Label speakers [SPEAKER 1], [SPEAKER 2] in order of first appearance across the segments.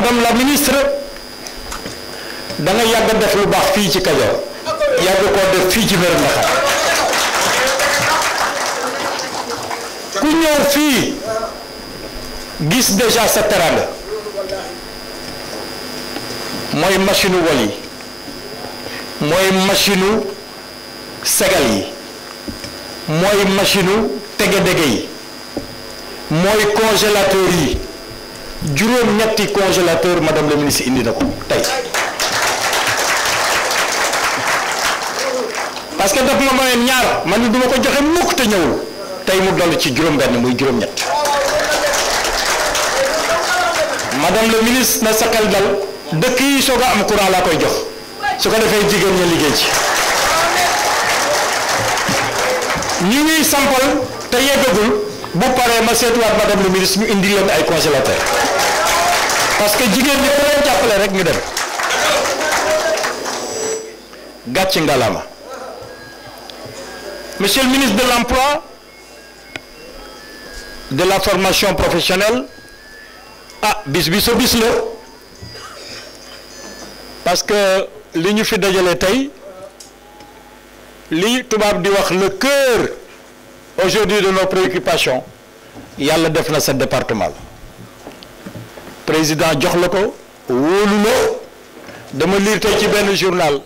[SPEAKER 1] madame la ministre da nga yàgg def lu baax fii ci Kajoor yàgg koo def fii ci Mérina Dakhar ku ñëw fii gis déjà sa teranga mooy machine wol yi mooy machine segal yi mooy machine tege-dege yi mooy congélateur yi juróom-ñetti congélateur madame la ministre indi na ko tey parce que daf ma mayoon ñaar man duma ko joxe mukk te ñëwul tey mu dolli ci juróom-benn muy juróom-ñett madame la ministre na sakkal dal dëkk yi soog a am courant laa koy jox su ko defee jigéen ña liggéey ci ñuy sampal te yeggagul. bu paree ma seetuwaat madame le ministre ñu indi leen ay congélateur parce que jigéen ñi ku jàppale rek ñu dem gàcc ngalama monsieur le ministre de l'emploi de la formation professionnelle ah bis bi sa bis la parce que li ñu fi dajalee tey li tubaab di wax le cœur aujourd'hui de nos préoccupations yàlla def na sa département président jox la ko wóolu la dama liir tey ci benn journal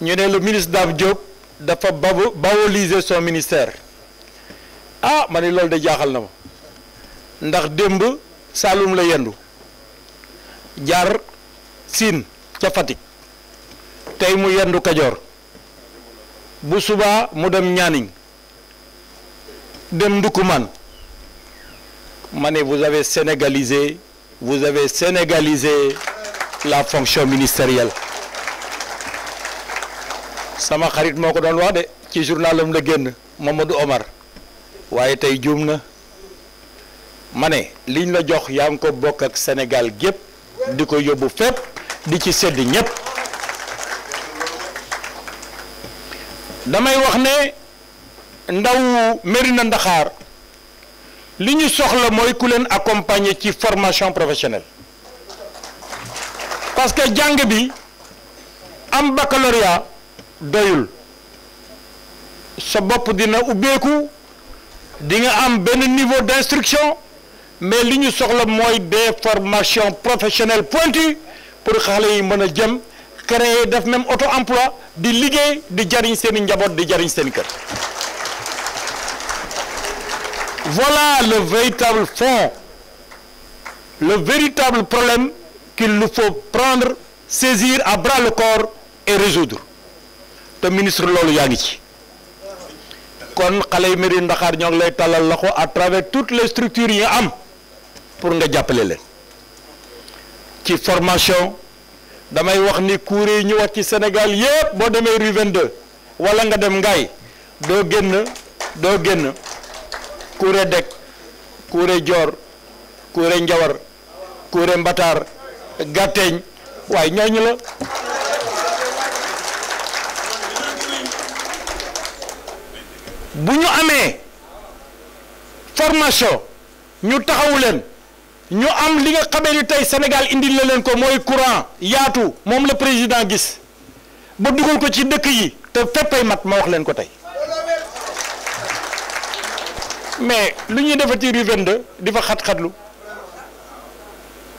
[SPEAKER 1] ñu ne le ministre Dame Diop dafa bawoliser son ministère ah man ne loolu de jaaxal na ma ndax démb Saloum la yendu jaar siin ca Fatick tey mu yendu Kajoor bu subaa mu dem Ñaaning dem Ndoukoumane ma ne vous avez sénégalisé vous avez sénégalisé la fonction ministérielle sama xarit moo ko doon wax de ci journalam la génn Mamadou Omar waaye tey juum na ma liñ la jox yaa ngi ko bokk ak Sénégal gépp di ko yóbbu fépp di ci sedd ñépp damay wax ne ndaw Mérina Ndaxaar li ñu soxla mooy ku leen accompagner ci formation professionnelle parce que jàng bi am baccalauréat doyul sa bopp dina ubbeeku di nga am benn niveau d'instruction mais li ñu soxla mooy des formations professionnelles pointues pour xale yi mën a jëm créer def même auto emploi di liggéey di jariñ seen i njaboot di jariñ seen kër Voilà le véritable fond, le véritable problème qu'il nous faut prendre, saisir à bras le corps et résoudre te ministre loolu yaa ngi ci kon xale yi meri ndaxaar ñoo ngi lay talal loxo à travers toutes les structures yi am pour nga jàppale leen ci formation damay wax ni cours yi ñu wax ci Sénégal yépp boo demee rue 22 wala nga dem Ngaye doo génn doo génn. kuure deg kuure joor kuure njawar kuure mbataar gàtteeñ waaye ñooñu la bu ñu amee formation ñu taxawu leen ñu am li nga xamee ni tey Sénégal indi la leen ko mooy courant yaatu moom la président gis ba dugal ko ci ndëkk yi te féppay mat ma wax leen ko tey mais lu ñuy defa ci rue 22 di fa xat-xatlu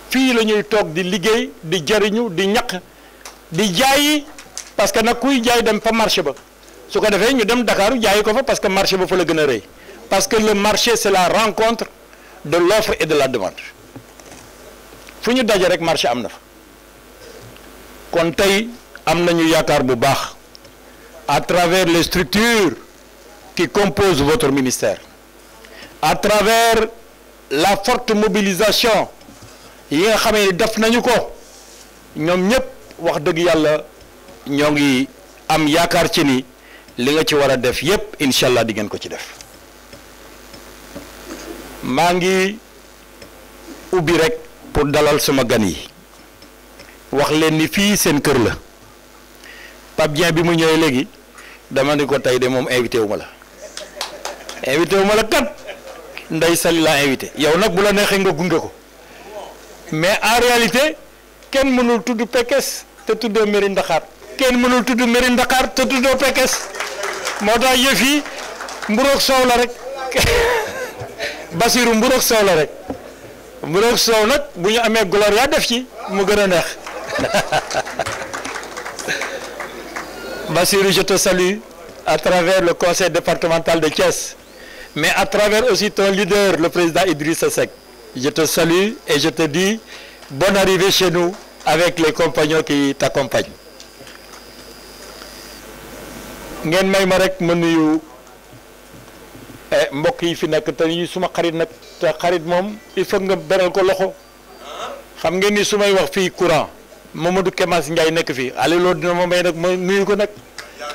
[SPEAKER 1] fii la ñuy toog di liggéey di jariñu di ñaq di jaayi parce que nag kuy jaay dem fa marché ba su ko defee ñu dem dakaaru jaayi ko fa parce que marché ba fa la gën a rëy parce que le marché c'est la rencontre de l'offre et de la demande fu ñu daje rek marché am na fa kon tey am nañu yaakaar bu baax à travers les structures qui composent votre ministère à travers la forte mobilisation yi nga xamee ni def nañu ko ñoom ñëpp wax dëgg yàlla ñoo ngi am yaakaar ci ni li nga ci war a def yépp incha allah di ngeen ko ci def maa ngi ubbi rek pour dalal sama gan yi wax leen ni fii seen kër la Pape Dieng bi mu ñëwee léegi dama ni ko tey de moom invité wu ma la invité la kat nday Saly laa invité yow nag bu la neexee nga gunge ko mais en réalité kenn mënul tudd Pekes te tuddoo mairie Ndakaar kenn mënul tudd mairie Ndakaar te tuddoo Pekes moo tax yëf yi mburoog soow la rek Basiru mburoog soow la rek mburoog soow nag bu ñu amee gloire yaa def ci mu gën a neex Basiru je te salue à travers le conseil départemental de Thiès. mais à travers aussi ton leader, le président Idriss Seck. Je te salue et je te dis bonne arrivée chez nous avec les compagnons qui t'accompagnent. ngeen may ma rek ma nuyu eh, mbokk yi fi nekk te yi suma xarit nag te xarit moom il faut nga beral ko loxo xam ngeen ni su may wax fii courant Mamadou Kemas Ndiaye nekk fii ale loolu dina ma may nag ma nuyu ko nag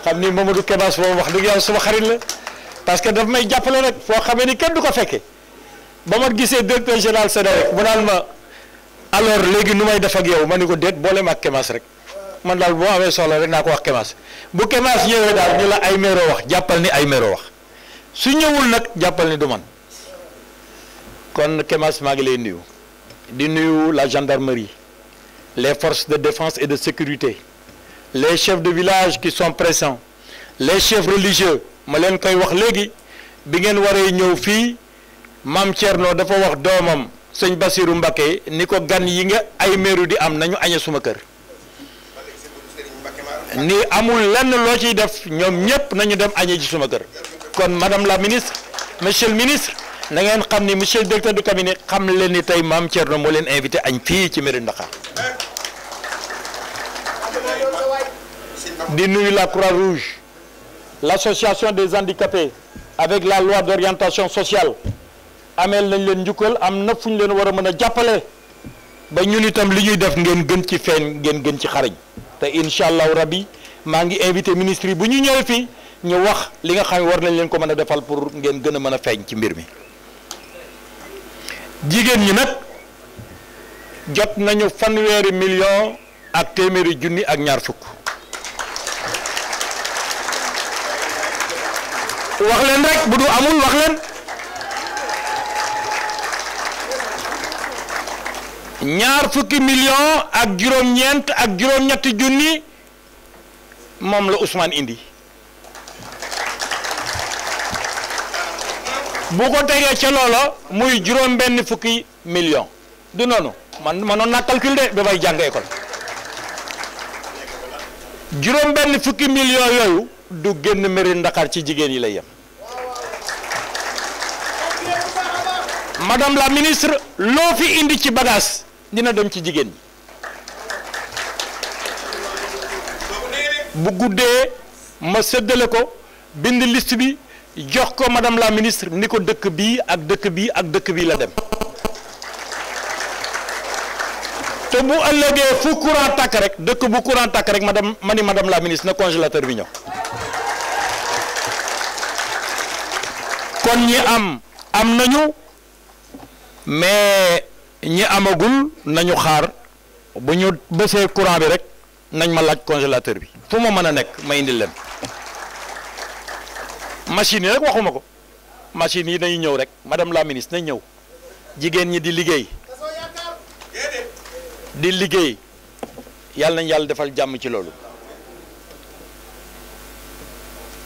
[SPEAKER 1] xam ni Mamadou Kemas moom wax dëgg yàlla suma xarit la parce que daf may jàppale rek foo xamee ni kenn du ko fekke ba ma gisee directeur général Sénélec mu naan ma léegi nu may def ak yow ma ni ko déet boole ma ak Kemas rek man daal boo amee soxla rek naa ko wax Kemas bu Kemas ñëwee daal ñu la ay mero wax jàppal ni ay mero wax su ñëwul nag jàppal ni du man kon Kemas maa ngi lay nuyu di nuyu la gendarmerie les forces de défense et de sécurité les chefs de village qui son présents les chefs religieux ma leen koy wax léegi bi ngeen waree ñëw fii maam Thierno dafa wax doomam sëñ Basiru Mbakke ni ko gan yi nga ay meeru di am nañu añe suma kër ni amul lenn loo ciy def ñoom ñëpp nañu dem añe ji suma kër kon madame la ministre monsieur ministre na ngeen xam ni monsieur le directeur du cabinet xam leen ni tey maam Thierno moo leen invité añ fii ci mairie Ndakaaru di nuyu la Croix-Rouge l'association des handicapés avec la loi d'orientation sociale ameel nañ leen njukkal am na fu ñu leen war a mën a jàppale ba ñun itam li ñuy def ngeen gën ci feeñ ngeen gën ci xarañ te incha allahu rabbi maa ngi invité ministre yi bu ñu ñëwee fii ñu wax li nga xam war nañ leen ko mën a defal pour ngeen gën a mën a feeñ ci mbir mi jigéen ñi nag jot nañu fanweeri million ak téeméeri junni ak ñaar fukk wax leen rek bu du amul wax leen ñaar fukki million ak juróom-ñeent ak juróom-ñetti junni moom la usmaan indi bu ko tegee ca loola muy juróom-benn fukki million du noonu man manoon naa calcul de ba bay jàng école juróom-benn fukki million yooyu du génn mairie Ndakaar ci jigéen yi lay yem. madame la ministre loo fi indi ci bagage dina dem ci jigéen ñi bu guddee ma seddale ko bind list bi jox ko madame la ministre ni ko dëkk bii ak dëkk bii ak dëkk bii la dem te bu ëllëgee fu courant tàkk rek dëkk bu courant tàkk rek madame ma ni madame la ministre na congélateur bi ñëw kon ñi am am nañu mais ñi amagul nañu xaar bu ñu bësee courant bi rek nañ ma laaj congélateur bi fu ma mën a nekk ma indil leen machine yi rek waxuma ko machine yi dañu ñëw rek madame la ministre nañ ñëw jigéen ñi di liggéey di liggéey yàlla nañ yàlla defal jàmm ci loolu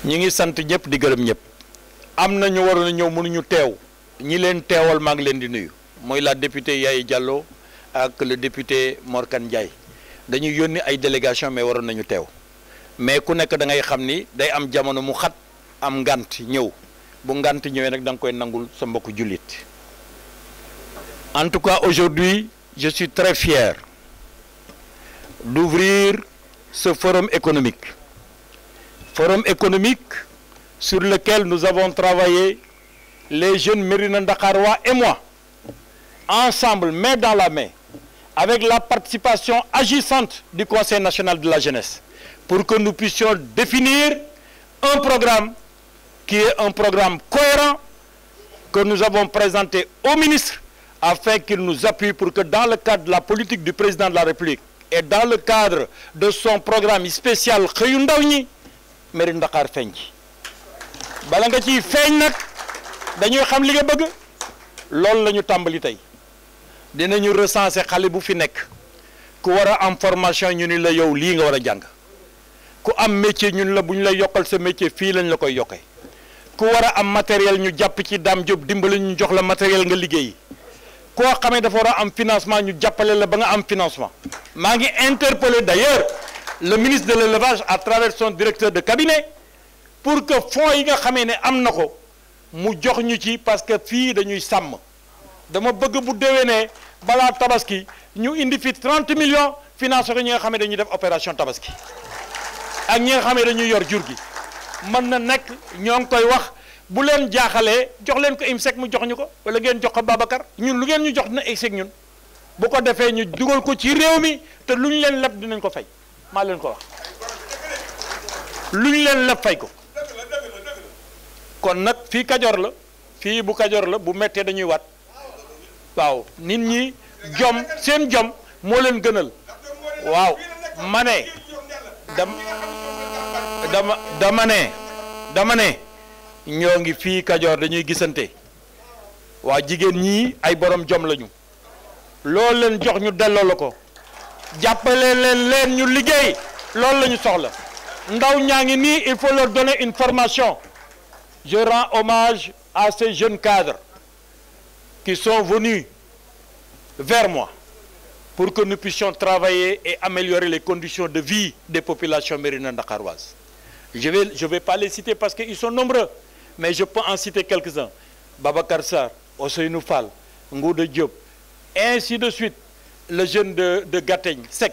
[SPEAKER 1] ñu ngi sant ñëpp di gërëm ñëpp am nañu waroon a ñëw mënuñu teew ñi leen teewal maa ngi leen di nuyu mooy la député Yaye Diallo ak le député Morkan Ndiaye dañuy yónni ay délégation mais waroon nañu teew mais ku nekk da ngay xam ni day am jamono mu xat am ngant ñëw bu ngant ñëwee nag da nga koy nangul sa mbokk jullit en tout cas aujourd'hui je suis très fier d'ouvrir ce forum économique forum économique sur lequel nous avons travaillé les jeunes Mérina Dakarois et moi, ensemble, mais dans la main, avec la participation agissante du Conseil national de la jeunesse, pour que nous puissions définir un programme qui est un programme cohérent que nous avons présenté au ministre afin qu'il nous appuie pour que dans le cadre de la politique du président de la République et dans le cadre de son programme spécial Xëyu Ndaw ñi Mérina dañuy xam li nga bëgg loolu la ñu tàmbali tey dinañu recenser xale bu fi nekk ku war a am formation ñu ni la yow lii nga war a jàng ku am métier ñun la bu ñu lay yokkal sa métier fii lañ la koy yokkee ku war a am matériel ñu jàpp ci Dame Diop dimbali ñu jox la matériel nga liggéey koo xamee dafa war a am financement ñu jàppale la ba nga am financement. maa ngi interpellé d'ailleurs le ministre de l'élevage à travers son directeur de cabinet pour que fonds yi xamee ne am na ko. mu jox ñu ci parce que fii dañuy sàmm dama bëgg bu ne balaa tabaski ñu indi fi 30 million financé ko ñi nga xam ne dañuy def opération tabaski ak ñi xam ne dañuy yor jur gi mën na nekk ñoo ngi koy wax bu leen jaaxalee jox leen ko IMSEC mu jox ñu ko wala ngeen jox ko Babacar ñun lu ngeen ñu jox dina IMSEC ñun bu ko defee ñu dugal ko ci réew mi te lu ñu leen leb dinañ ko fay maa leen ko wax lu ñu leen leb fay ko. kon nag fii kajoor la fii bu kajoor la bu mettee dañuy wat waaw nit ñi jom seen jom moo leen gënal waaw ma ne dam dama dama ne dama ne ñoo ngi fii kajoor dañuy gisante waa jigéen ñii ay boroom jom lañu lool leen jox ñu delloo la ko jàppale leen leen ñu liggéey loolu lañu soxla ndaw ñaa ngi nii il faut leur donner une je rends hommage à ces jeunes cadres qui sont venus vers moi pour que nous puissions travailler et améliorer les conditions de vie des populations mérino-dakaroises. Je ne vais, je vais pas les citer parce qu'ils sont nombreux, mais je peux en citer quelques-uns. Baba Karsar, Osseinou Fall, Ngoude Diop, ainsi de suite, le jeunes de, de Gateng, Sec,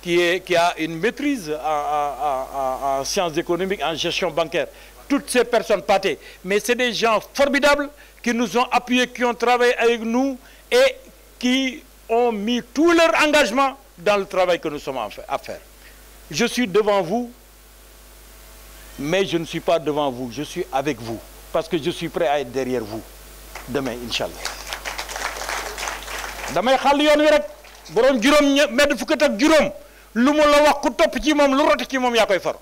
[SPEAKER 1] qui, est, qui a une maîtrise en, en, en, en sciences économiques, en gestion bancaire. Toutes ces personnes pâtées. Mais c'est des gens formidables qui nous ont appuyés, qui ont travaillé avec nous et qui ont mis tout leur engagement dans le travail que nous sommes à faire. Je suis devant vous, mais je ne suis pas devant vous, je suis avec vous, parce que je suis prêt à être derrière vous demain, Inch'Allah. damay xàll yoon wi rek boroom juróom medd fukkat ak juróom lu mu la wax ku topp ci moom lu rote ci moom yaa koy far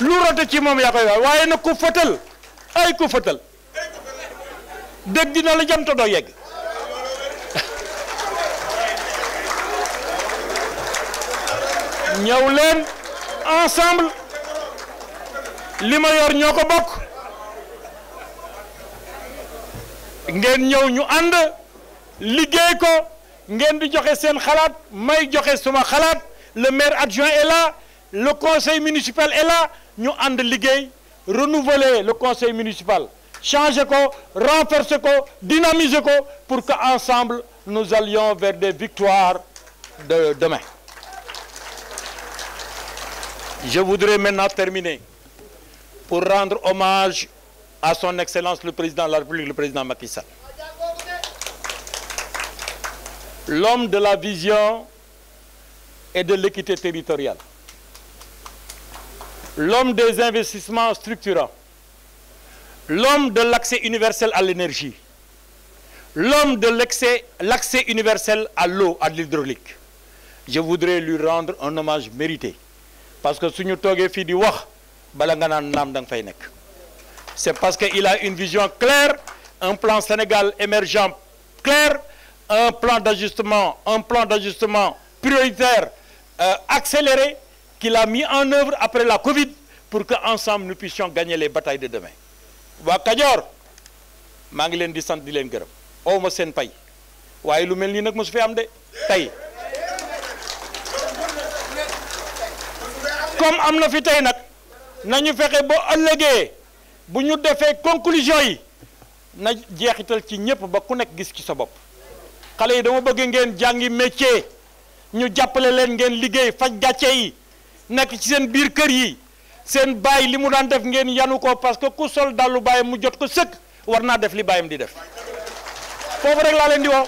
[SPEAKER 1] lu rote ci moom yaa koy far waaye nag ku fëtal ay ku fëtal dégg dina la jam doo yegg ñëw leen ensemble li yor ñoo ko bokk ngeen ñëw ñu ànd liggéey ko ngeen di joxe seen xalaat may joxe suma xalaat le maire adjoint est là le conseil municipal est là ñu ànd liggéey renouveler le conseil municipal changer ko renforcer ko dynamiser ko pour que ensemble nous allions vers des victoires de demain je voudrais maintenant terminer pour rendre hommage à son excellence le président de la République le président Macky Sall l'homme de la vision et de l'équité territoriale, l'homme des investissements structurants, l'homme de l'accès universel à l'énergie, l'homme de l'accès universel à l'eau, à l'hydraulique. Je voudrais lui rendre un hommage mérité. Parce que si nous c'est parce qu'il a une vision claire, un plan Sénégal émergent clair, un plan d'ajustement, un plan d'ajustement prioritaire, euh, accéléré, qu'il a mis en œuvre après la Covid pour qu'ensemble nous puissions gagner les batailles de demain. waa Kajoor maa ngi leen di sant di leen gërëm aw ma seen pay waaye lu mel nii nag mosu fi am de tey comme am na fi tey nag na ñu fexe ba ëllëgee bu ñu defee conclusion yi na jeexital ci ñépp ba ku nekk gis ci sa bopp xale yi dama bëgg ngeen jàngi métier ñu jàppale leen ngeen liggéey faj gàcce yi nekk ci seen biir kër yi seen baay li mu daan def ngeen yanu ko parce que ku sol lu baayam mu jot ko sëkk war naa def li baayam di def foofu rek laa leen di woo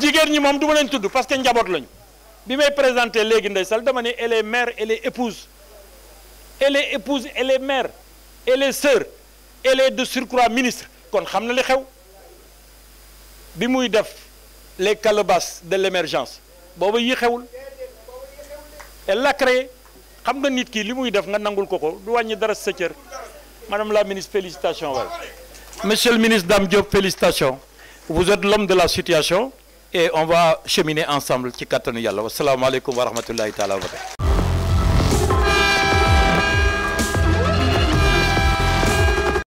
[SPEAKER 1] jigéen ñi moom du ma leen tudd parce que njaboot lañu bi may présenté léegi ndey sal dama ne elle est mère elle est épouse elle est épouse elle est mère elle est sœur elle est de surcroît ministre kon xam na li xew bi muy def les calebasses de l'émergence booba yi xewul elle l'a xam nga nit kii li muy def nga nangul ko ko du wàññi dara sa cër madame la ministre félicitations waay monsieur le ministre Dame Diop félicitations vous êtes l'homme de la situation et on va cheminer ensemble ci kàttanu yàlla wasalaamaaleykum wa rahmatullahi taala wa barakatu